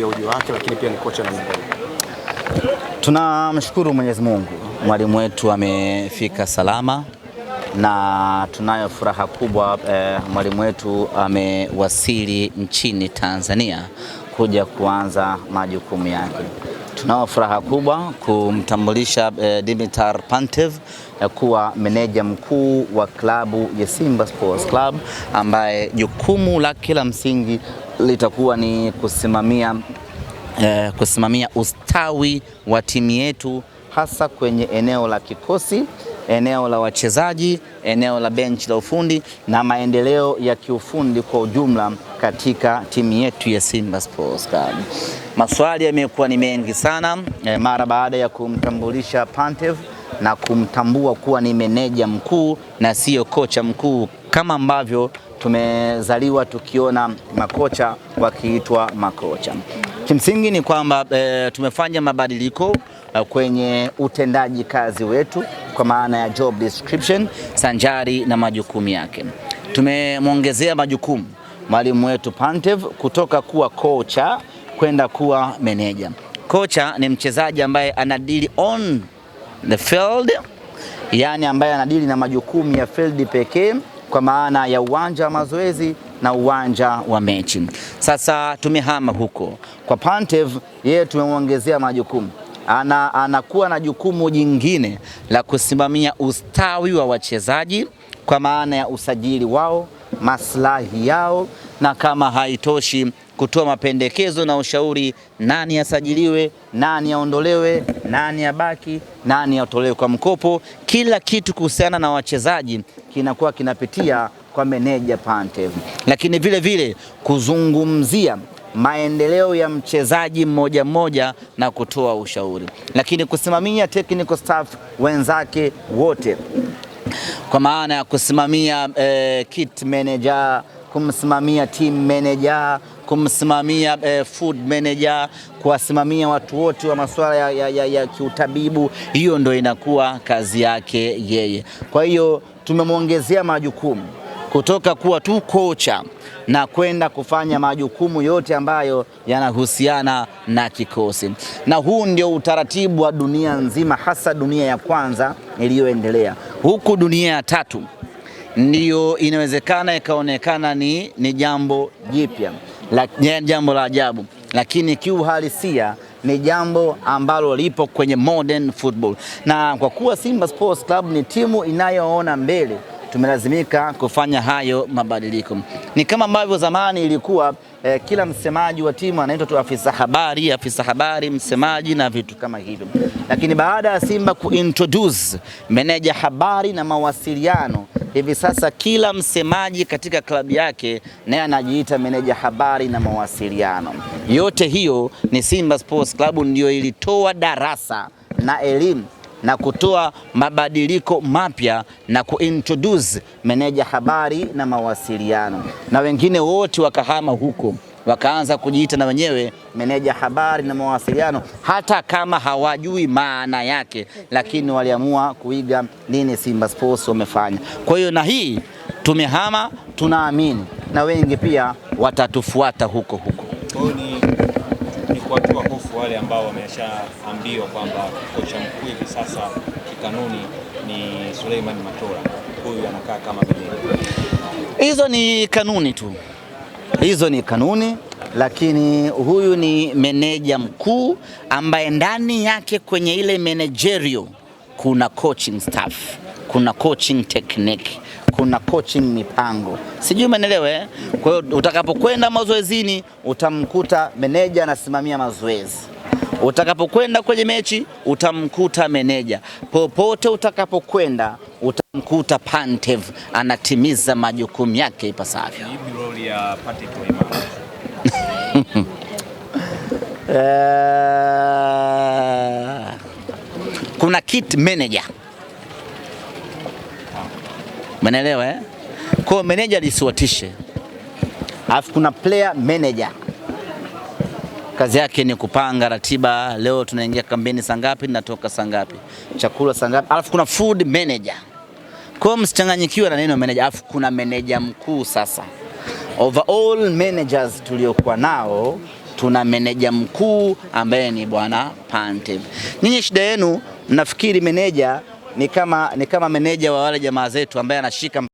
ya ujio wake, lakini pia ni kocha na mwalimu. Tunamshukuru Mwenyezi Mungu, mwalimu wetu amefika salama na tunayo furaha kubwa eh, mwalimu wetu amewasili nchini Tanzania kuja kuanza majukumu yake. Tunao furaha kubwa kumtambulisha eh, Dimitar Pantev eh, kuwa meneja mkuu wa klabu ya Simba Sports Club ambaye jukumu la kila msingi litakuwa ni kusimamia, eh, kusimamia ustawi wa timu yetu hasa kwenye eneo la kikosi, eneo la wachezaji, eneo la benchi la ufundi na maendeleo ya kiufundi kwa ujumla katika timu yetu ya Simba Sports Club. Maswali yamekuwa ni mengi sana eh, mara baada ya kumtambulisha Pantev na kumtambua kuwa ni meneja mkuu na siyo kocha mkuu kama ambavyo tumezaliwa tukiona makocha wakiitwa makocha. Kimsingi ni kwamba e, tumefanya mabadiliko eh, kwenye utendaji kazi wetu kwa maana ya job description sanjari na majukumu yake. Tumemwongezea majukumu mwalimu wetu Pantev kutoka kuwa kocha kwenda kuwa meneja. Kocha ni mchezaji ambaye anadili on the field, yani ambaye anadili na majukumu ya field pekee kwa maana ya uwanja wa mazoezi na uwanja wa mechi. Sasa tumehama huko kwa Pantev, yeye tumemwongezea majukumu ana, anakuwa na jukumu jingine la kusimamia ustawi wa wachezaji kwa maana ya usajili wao, maslahi yao na kama haitoshi kutoa mapendekezo na ushauri, nani asajiliwe, nani aondolewe, nani abaki, nani atolewe kwa mkopo. Kila kitu kuhusiana na wachezaji kinakuwa kinapitia kwa meneja pante lakini vile vile kuzungumzia maendeleo ya mchezaji mmoja mmoja na kutoa ushauri, lakini kusimamia technical staff wenzake wote, kwa maana ya kusimamia eh, kit manager kumsimamia team manager, kumsimamia eh, food manager, kuwasimamia watu wote wa masuala ya, ya, ya, ya kiutabibu. Hiyo ndo inakuwa kazi yake yeye. Kwa hiyo tumemwongezea majukumu kutoka kuwa tu kocha na kwenda kufanya majukumu yote ambayo yanahusiana na kikosi, na huu ndio utaratibu wa dunia nzima, hasa dunia ya kwanza iliyoendelea. Huku dunia ya tatu ndiyo inawezekana ikaonekana ni, ni jambo jipya jambo la ajabu, lakini kiuhalisia ni jambo ambalo lipo kwenye modern football, na kwa kuwa Simba Sports Club ni timu inayoona mbele, tumelazimika kufanya hayo mabadiliko. Ni kama ambavyo zamani ilikuwa eh, kila msemaji wa timu anaitwa tu afisa habari, afisa habari, msemaji na vitu kama hivyo, lakini baada ya Simba kuintroduce meneja habari na mawasiliano hivi sasa kila msemaji katika klabu yake naye anajiita meneja habari na mawasiliano. Yote hiyo ni Simba Sports Club ndiyo ilitoa darasa na elimu na kutoa mabadiliko mapya na kuintroduce meneja habari na mawasiliano, na wengine wote wakahama huko wakaanza kujiita na wenyewe meneja habari na mawasiliano, hata kama hawajui maana yake, lakini waliamua kuiga nini Simba Sports wamefanya. Kwa hiyo na hii tumehama, tunaamini na wengi pia watatufuata huko huko. Ni wa hofu wale ambao wameshaambiwa kwamba kocha mkuu hivi sasa kikanuni ni Suleiman Matola, huyu anakaa kama meneja. Hizo ni kanuni tu. Hizo ni kanuni, lakini huyu ni meneja mkuu ambaye ndani yake kwenye ile managerial kuna coaching staff, kuna coaching technique, kuna coaching mipango, sijui umeelewa. Eh? Kwa hiyo utakapokwenda mazoezini utamkuta meneja anasimamia mazoezi. Utakapokwenda kwenye mechi utamkuta meneja popote, utakapokwenda utamkuta Pantev anatimiza majukumu yake ipasavyo. Eh, kuna kit manager manaelewa eh? Kwa manager lisiwatishe, alafu kuna player manager kazi yake ni kupanga ratiba, leo tunaingia kambini saa ngapi, natoka saa ngapi, chakula saa ngapi, alafu kuna food manager. Kwa msichanganyikiwe na neno manager, alafu kuna meneja mkuu. Sasa overall managers tuliokuwa nao tuna meneja mkuu ambaye ni bwana Pantev. Ninyi shida yenu mnafikiri meneja ni kama, ni kama meneja wa wale jamaa zetu ambaye anashika